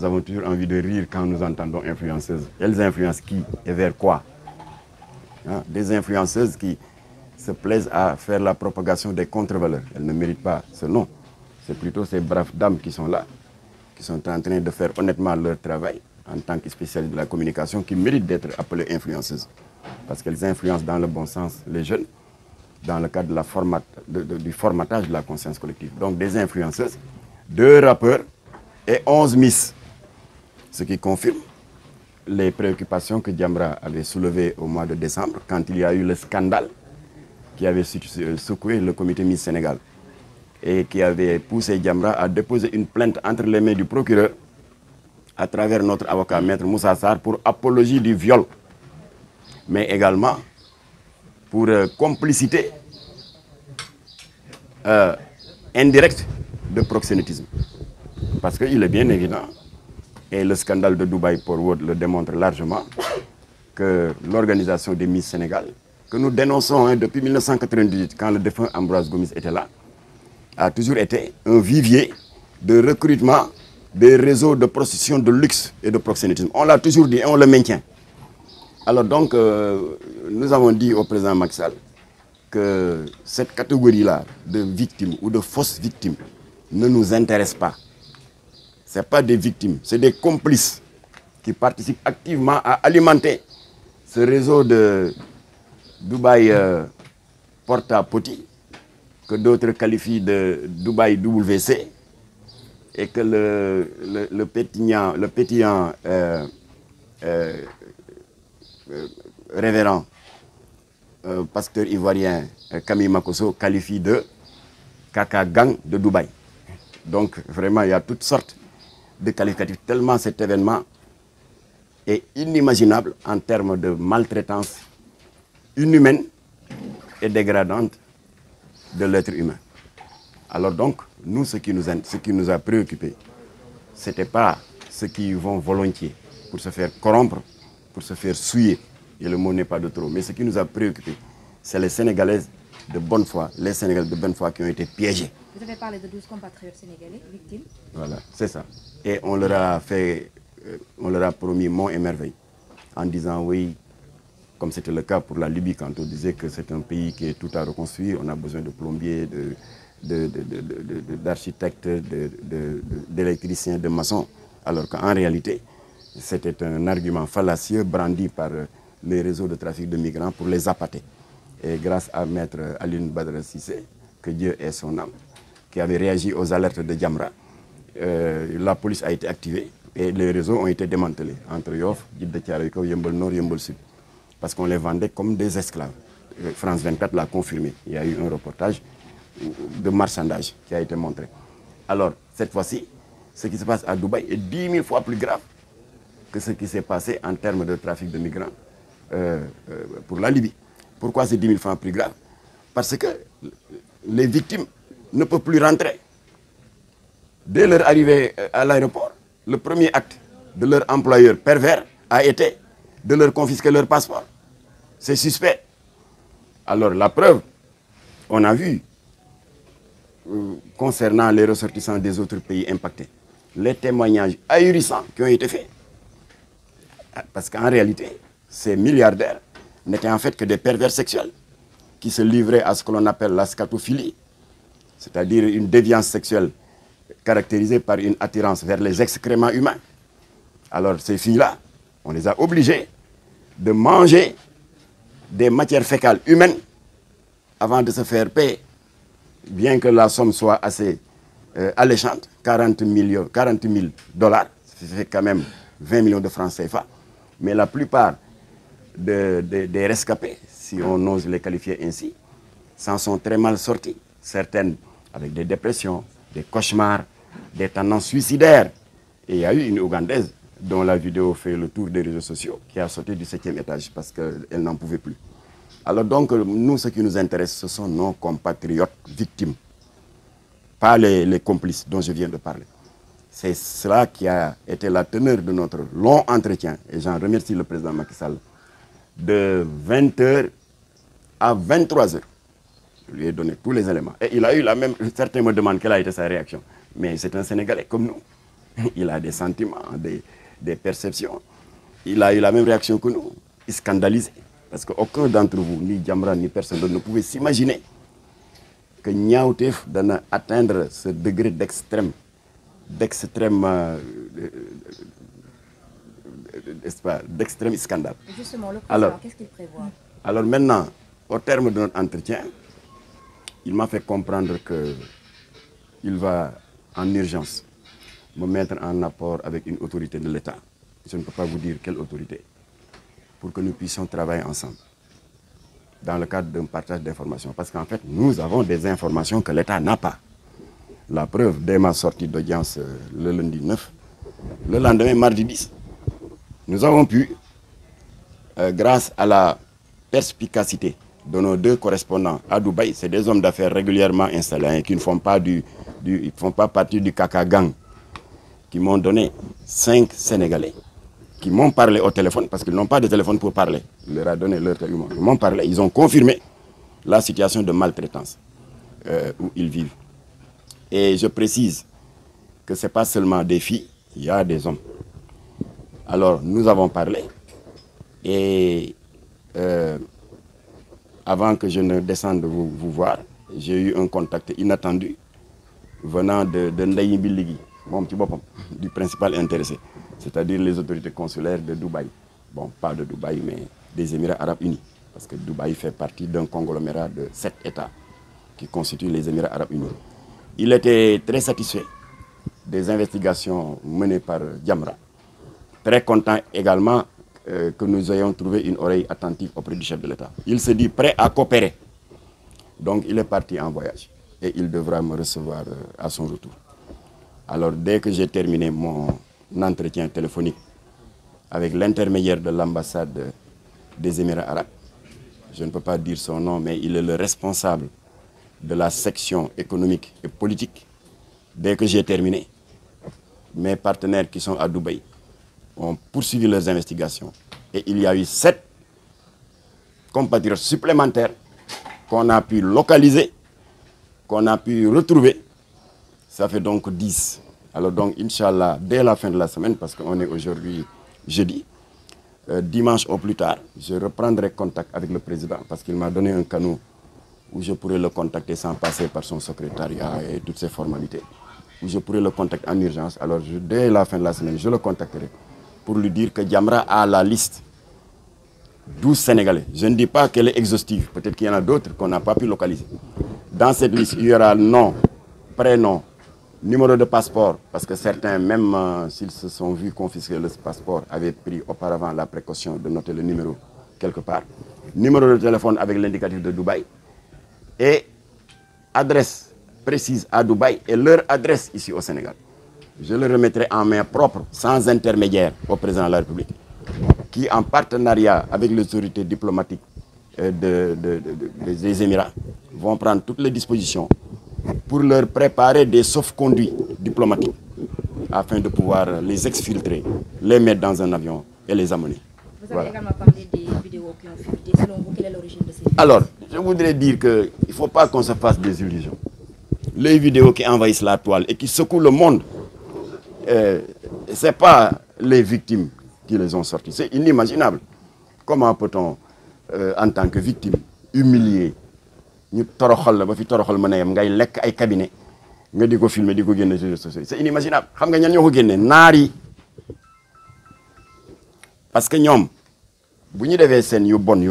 nous avons toujours envie de rire quand nous entendons influenceuses. Elles influencent qui et vers quoi hein? Des influenceuses qui se plaisent à faire la propagation des contre-valeurs. Elles ne méritent pas ce nom. C'est plutôt ces braves dames qui sont là, qui sont en train de faire honnêtement leur travail en tant que spécialistes de la communication, qui méritent d'être appelées influenceuses. Parce qu'elles influencent dans le bon sens les jeunes, dans le cadre du formatage de la conscience collective. Donc des influenceuses, deux rappeurs et onze misses ce qui confirme les préoccupations que Diambra avait soulevées au mois de décembre, quand il y a eu le scandale qui avait euh, secoué le comité Miss Sénégal et qui avait poussé Diambra à déposer une plainte entre les mains du procureur à travers notre avocat, Maître Moussa pour apologie du viol, mais également pour euh, complicité euh, indirecte de proxénétisme. Parce qu'il est bien évident et le scandale de Dubaï pour World le démontre largement, que l'organisation des Miss Sénégal, que nous dénonçons hein, depuis 1998, quand le défunt Ambroise Gomis était là, a toujours été un vivier de recrutement des réseaux de prostitution de luxe et de proxénétisme. On l'a toujours dit et on le maintient. Alors donc, euh, nous avons dit au président Maxal que cette catégorie-là de victimes ou de fausses victimes ne nous intéresse pas. Ce pas des victimes, c'est des complices qui participent activement à alimenter ce réseau de Dubaï euh, porte à poti que d'autres qualifient de Dubaï WC, et que le, le, le pétillant, euh, euh, révérend pasteur ivoirien Camille Makoso qualifie de caca gang de Dubaï. Donc vraiment, il y a toutes sortes de qualificatif, tellement cet événement est inimaginable en termes de maltraitance inhumaine et dégradante de l'être humain. Alors donc, nous, ce qui nous a, ce qui nous a préoccupés, ce n'était pas ceux qui vont volontiers pour se faire corrompre, pour se faire souiller, et le mot n'est pas de trop, mais ce qui nous a préoccupés, c'est les Sénégalais de bonne foi, les Sénégalais de bonne foi qui ont été piégés. Vous avez parlé de 12 compatriotes sénégalais victimes. Voilà, c'est ça. Et on leur a fait, euh, on leur a promis mon et merveille en disant oui, comme c'était le cas pour la Libye quand on disait que c'est un pays qui est tout à reconstruire, on a besoin de plombiers, d'architectes, de, d'électriciens, de, de maçons, alors qu'en réalité, c'était un argument fallacieux brandi par euh, les réseaux de trafic de migrants pour les appâter et grâce à maître Aline Badra Sissé, que Dieu est son âme, qui avait réagi aux alertes de Djamra. Euh, la police a été activée et les réseaux ont été démantelés entre Yoff, Guide de Yembol Nord, Yembol Sud, parce qu'on les vendait comme des esclaves. Euh, France 24 l'a confirmé. Il y a eu un reportage de marchandage qui a été montré. Alors, cette fois-ci, ce qui se passe à Dubaï est 10 000 fois plus grave que ce qui s'est passé en termes de trafic de migrants euh, pour la Libye. Pourquoi c'est 10 000 francs plus grave Parce que les victimes ne peuvent plus rentrer. Dès leur arrivée euh, à l'aéroport, le premier acte de leur employeur pervers a été de leur confisquer leur passeport. C'est suspect. Alors la preuve, on a vu euh, concernant les ressortissants des autres pays impactés, les témoignages ahurissants qui ont été faits. Ah, parce qu'en réalité, ces milliardaires n'étaient en fait que des pervers sexuels qui se livraient à ce que l'on appelle la scatophilie, c'est-à-dire une déviance sexuelle caractérisée par une attirance vers les excréments humains. Alors ces filles-là, on les a obligées de manger des matières fécales humaines avant de se faire payer, bien que la somme soit assez euh, alléchante, 40, millions, 40 000 dollars, C'est quand même 20 millions de francs CFA, mais la plupart des rescapés, si on ose les qualifier ainsi, s'en sont très mal sortis. Certaines avec des dépressions, des cauchemars, des tendances suicidaires. Et il y a eu une Ougandaise dont la vidéo fait le tour des réseaux sociaux, qui a sauté du septième étage parce qu'elle n'en pouvait plus. Alors donc, nous, ce qui nous intéresse, ce sont nos compatriotes victimes, pas les, les complices dont je viens de parler. C'est cela qui a été la teneur de notre long entretien. Et j'en remercie le président Macky Sall de 20h à 23h. Je lui ai donné tous les éléments. Et il a eu la même... Certains me demandent quelle a été sa réaction. Mais c'est un Sénégalais comme nous. Il a des sentiments, des, perceptions. Il a eu la même réaction que nous. Il scandalisé. Parce qu'aucun d'entre vous, ni Djamra, ni personne d'autre, ne pouvait s'imaginer que Niaoutef atteindre ce degré d'extrême, d'extrême euh, d'extrême scandale. Justement, le qu'est-ce qu'il prévoit Alors maintenant, au terme de notre entretien, il m'a fait comprendre qu'il va en urgence me mettre en apport avec une autorité de l'État. Je ne peux pas vous dire quelle autorité, pour que nous puissions travailler ensemble dans le cadre d'un partage d'informations. Parce qu'en fait, nous avons des informations que l'État n'a pas. La preuve, dès ma sortie d'audience euh, le lundi 9, le lendemain, mardi 10, nous avons pu, euh, grâce à la perspicacité de nos deux correspondants à Dubaï, c'est des hommes d'affaires régulièrement installés hein, qui ne font pas, du, du ils font pas partie du gang, qui m'ont donné cinq Sénégalais qui m'ont parlé au téléphone, parce qu'ils n'ont pas de téléphone pour parler. Ils leur a donné leur téléphone. Ils m'ont parlé, ils ont confirmé la situation de maltraitance euh, où ils vivent. Et je précise que ce n'est pas seulement des filles, il y a des hommes. Alors, nous avons parlé. Et euh, avant que je ne descende vous, vous voir, j'ai eu un contact inattendu venant de, de du principal intéressé, c'est-à-dire les autorités consulaires de Dubaï. Bon, pas de Dubaï, mais des Émirats arabes unis, parce que Dubaï fait partie d'un conglomérat de sept États qui constituent les Émirats arabes unis. Il était très satisfait des investigations menées par Djamra très content également euh, que nous ayons trouvé une oreille attentive auprès du chef de l'État. Il se dit prêt à coopérer. Donc il est parti en voyage et il devra me recevoir euh, à son retour. Alors dès que j'ai terminé mon entretien téléphonique avec l'intermédiaire de l'ambassade des Émirats arabes, je ne peux pas dire son nom, mais il est le responsable de la section économique et politique. Dès que j'ai terminé, mes partenaires qui sont à Dubaï ont poursuivi leurs investigations. Et il y a eu sept compatriotes supplémentaires qu'on a pu localiser, qu'on a pu retrouver. Ça fait donc 10. Alors donc, Inch'Allah, dès la fin de la semaine, parce qu'on est aujourd'hui jeudi, euh, dimanche au plus tard, je reprendrai contact avec le président parce qu'il m'a donné un canot où je pourrais le contacter sans passer par son secrétariat et toutes ses formalités. Où je pourrais le contacter en urgence. Alors dès la fin de la semaine, je le contacterai pour lui dire que Djamra a la liste. 12 Sénégalais. Je ne dis pas qu'elle est exhaustive. Peut-être qu'il y en a d'autres qu'on n'a pas pu localiser. Dans cette liste, il y aura nom, prénom, numéro de passeport. Parce que certains, même euh, s'ils se sont vus confisquer le passeport, avaient pris auparavant la précaution de noter le numéro quelque part. Numéro de téléphone avec l'indicatif de Dubaï. Et adresse précise à Dubaï et leur adresse ici au Sénégal je le remettrai en main propre, sans intermédiaire, au président de la République, qui, en partenariat avec l'autorité diplomatique euh, de, des Émirats, vont prendre toutes les dispositions pour leur préparer des sauf-conduits diplomatiques afin de pouvoir les exfiltrer, les mettre dans un avion et les amener. Vous avez également parlé des vidéos qui ont fuité. Selon vous, quelle est l'origine de ces vidéos Alors, je voudrais dire qu'il ne faut pas qu'on se fasse des illusions. Les vidéos qui envahissent la toile et qui secouent le monde euh, ce n'est pas les victimes qui les ont sortis. C'est inimaginable. Comment peut-on, euh, en tant que victime, humilier nous toroxal la ba fi toroxal mën ngay lekk ay cabinet nga di filmer di c'est inimaginable xam nga ñan ñoo ko génne parce que ñoom vous ñu defee yu bon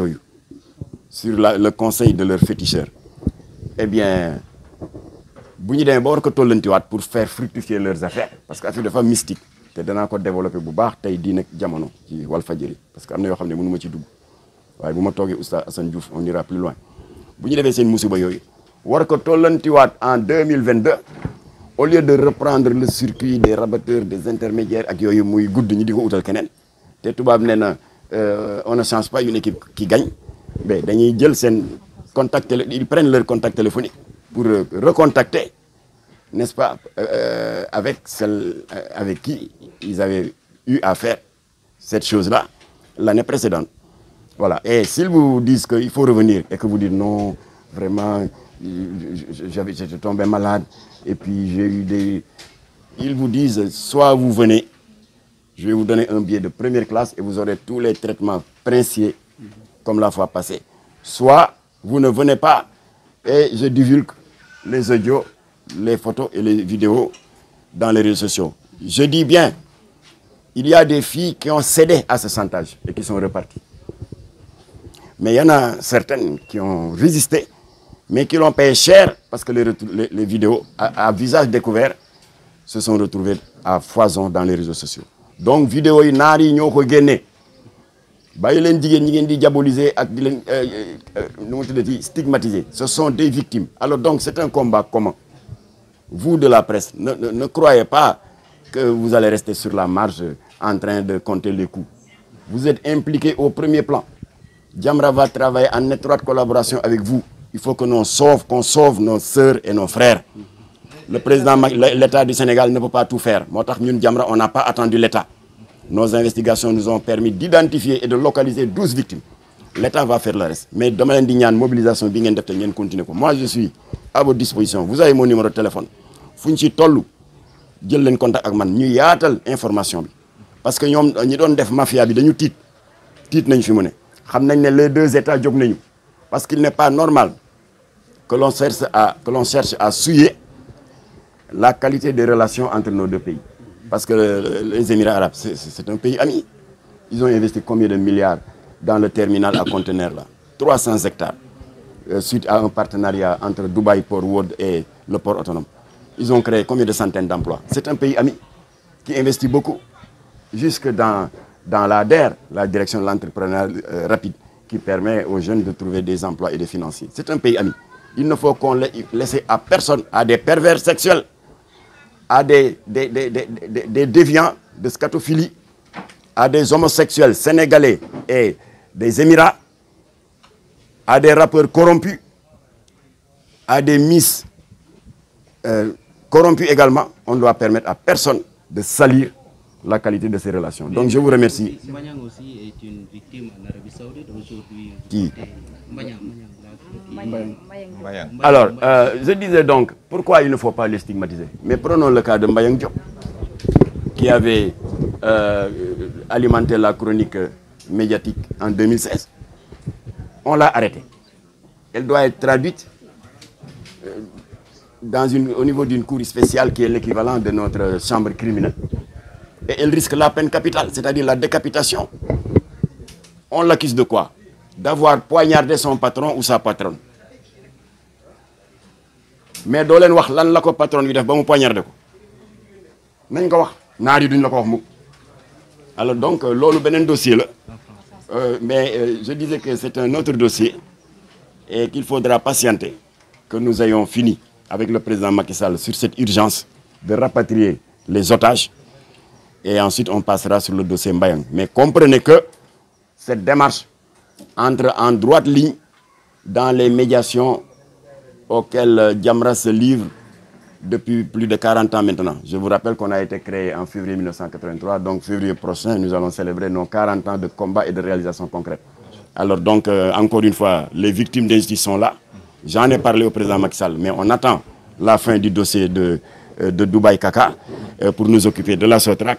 sur le conseil de leur féticheur eh bien buñu ñu ba war ko wat pour faire fructifier leurs affaires parce que affaire dafa mystique te danaa ko développé bu baax tay di nag jamono ci Walfadjri parce que amna yo xamné xam mënu ma ci dugg waye buma togué oustad Assane Diouf on ira plus loin buñu ñu sen musiba yoy war ko wat en 2022 au lieu de reprendre le circuit des rabatteurs des intermédiaires ak yoy muy gudd ñi diko outal kenen té tubab néna euh on ne change pas une équipe qui gagne mais dañuy jël seen contact ils prennent leur contact téléphonique pour recontacter, n'est-ce pas, euh, avec celle euh, avec qui ils avaient eu à faire cette chose-là l'année précédente. Voilà. Et s'ils vous disent qu'il faut revenir et que vous dites non, vraiment, j'avais, j'étais tombé malade et puis j'ai eu des... Ils vous disent, soit vous venez, je vais vous donner un billet de première classe et vous aurez tous les traitements princiers comme la fois passée. Soit vous ne venez pas et je divulgue les audios, les photos et les vidéos dans les réseaux sociaux. Je dis bien, il y a des filles qui ont cédé à ce chantage et qui sont reparties. Mais il y en a certaines qui ont résisté, mais qui l'ont payé cher parce que les, vidéos à, visage découvert se sont retrouvées à foison dans les réseaux sociaux. Donc, vidéo, il n'y a les gens qui ñi di euh, euh, ce sont des victimes alors donc c'est un combat commun vous de la presse ne, ne croyez pas que vous allez rester sur la marge en train de compter les coups vous êtes impliqués au premier plan Djamra va travailler en étroite collaboration avec vous il faut que nous qu'on sauve nos sœurs et nos frères le président l'État du Sénégal ne peut pas tout faire on n'a pas attendu l'État nos investigations nous ont permis d'identifier et de localiser 12 victimes. L'État va faire le reste. Mais demain, la une mobilisation continue. Moi, je suis à votre disposition. Vous avez mon numéro de téléphone. Funchi Tollou, jël leen contact ak man ñu yaatal information parce que nous avons une def mafia bi dañu tiit nous fi les deux états parce qu'il n'est pas normal que l'on cherche que l'on cherche à souiller la qualité des relations entre nos deux pays parce que les Émirats arabes, c'est un pays ami. Ils ont investi combien de milliards dans le terminal à conteneurs là 300 hectares. Euh, suite à un partenariat entre Dubaï Port World et le port autonome. Ils ont créé combien de centaines d'emplois C'est un pays ami qui investit beaucoup. Jusque dans, dans la DER, la direction de l'entrepreneuriat euh, rapide, qui permet aux jeunes de trouver des emplois et des financiers. C'est un pays ami. Il ne faut qu'on laisse à personne, à des pervers sexuels, à des, des, des, déviants de scatophilie, à des homosexuels sénégalais et des Émirats, à des rappeurs corrompus, à des miss euh, corrompus également, on ne doit permettre à personne de salir la qualité de ces relations. Donc je vous remercie. aussi est une victime en Arabie Saoudite aujourd'hui. Qui alors, euh, je disais donc, pourquoi il ne faut pas les stigmatiser Mais prenons le cas de Mayang Diop, qui avait euh, alimenté la chronique médiatique en 2016. On l'a arrêté. Elle doit être traduite euh, dans une, au niveau d'une cour spéciale qui est l'équivalent de notre chambre criminelle. Et elle risque la peine capitale, c'est-à-dire la décapitation. On l'accuse de quoi d'avoir poignardé son patron ou sa patronne mais wax lan patron bi def ba mu ko nañ ko wax la alors donc euh, lolu un dossier euh, mais euh, je disais que c'est un autre dossier et qu'il faudra patienter que nous ayons fini avec le président Macky Sall sur cette urgence de rapatrier les otages et ensuite on passera sur le dossier Mbayang mais comprenez que cette démarche entre en droite ligne dans les médiations auxquelles Djamra se livre depuis plus de 40 ans maintenant. Je vous rappelle qu'on a été créé en février 1983, donc février prochain, nous allons célébrer nos 40 ans de combat et de réalisation concrète. Alors donc, euh, encore une fois, les victimes d'injustice sont là. J'en ai parlé au président Macky mais on attend la fin du dossier de, euh, Dubaï Kaka euh, pour nous occuper de la Sotrak.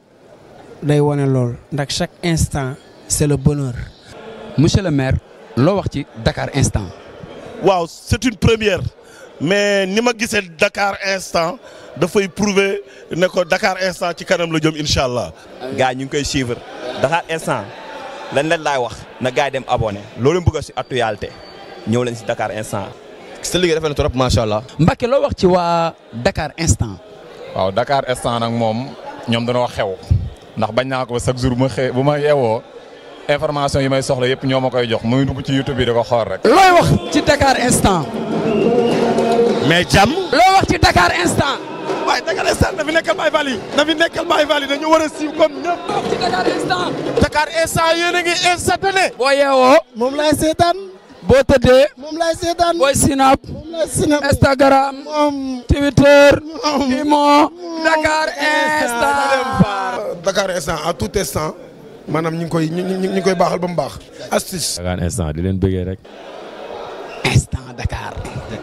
day woné lool ndax chaque instant c'est le bonheur. monsieur le maire lo wax ci Dakar instant. waaw c'est une première mais ni gissé Dakar instant fay prouver ne ko Dakar instant ci kanam la jëm inshallah allah. ñu koy suivre Dakar instant lan leen lay wax na gaay dem abonné leen bëgg ci actualité ñew leen ci Dakar instant. sa ligue rafet na trop machallah mbacké lo wax ci wa Dakar instant. waaw Dakar instant nag moom ñoom dañoo xew. ndax bañ naa ko chaque bu ma xëy yi may soxla yëpp ñoo ma koy jox muy dugg ci bi di ko xool rek. looy na fi comme ci Dakar instant. Dakar instant yéen a ngi instantané. boo yeewoo moom laay seetaan. boo tëddee. moom lay seetaan booy sinap. Instagram. Twitter. Imo. Dakar instant. Dakar instant à tout instant. maanaam ñu ngi koy koy baaxal ba mu baax. astuce. Dakar instant di leen bëggee rek.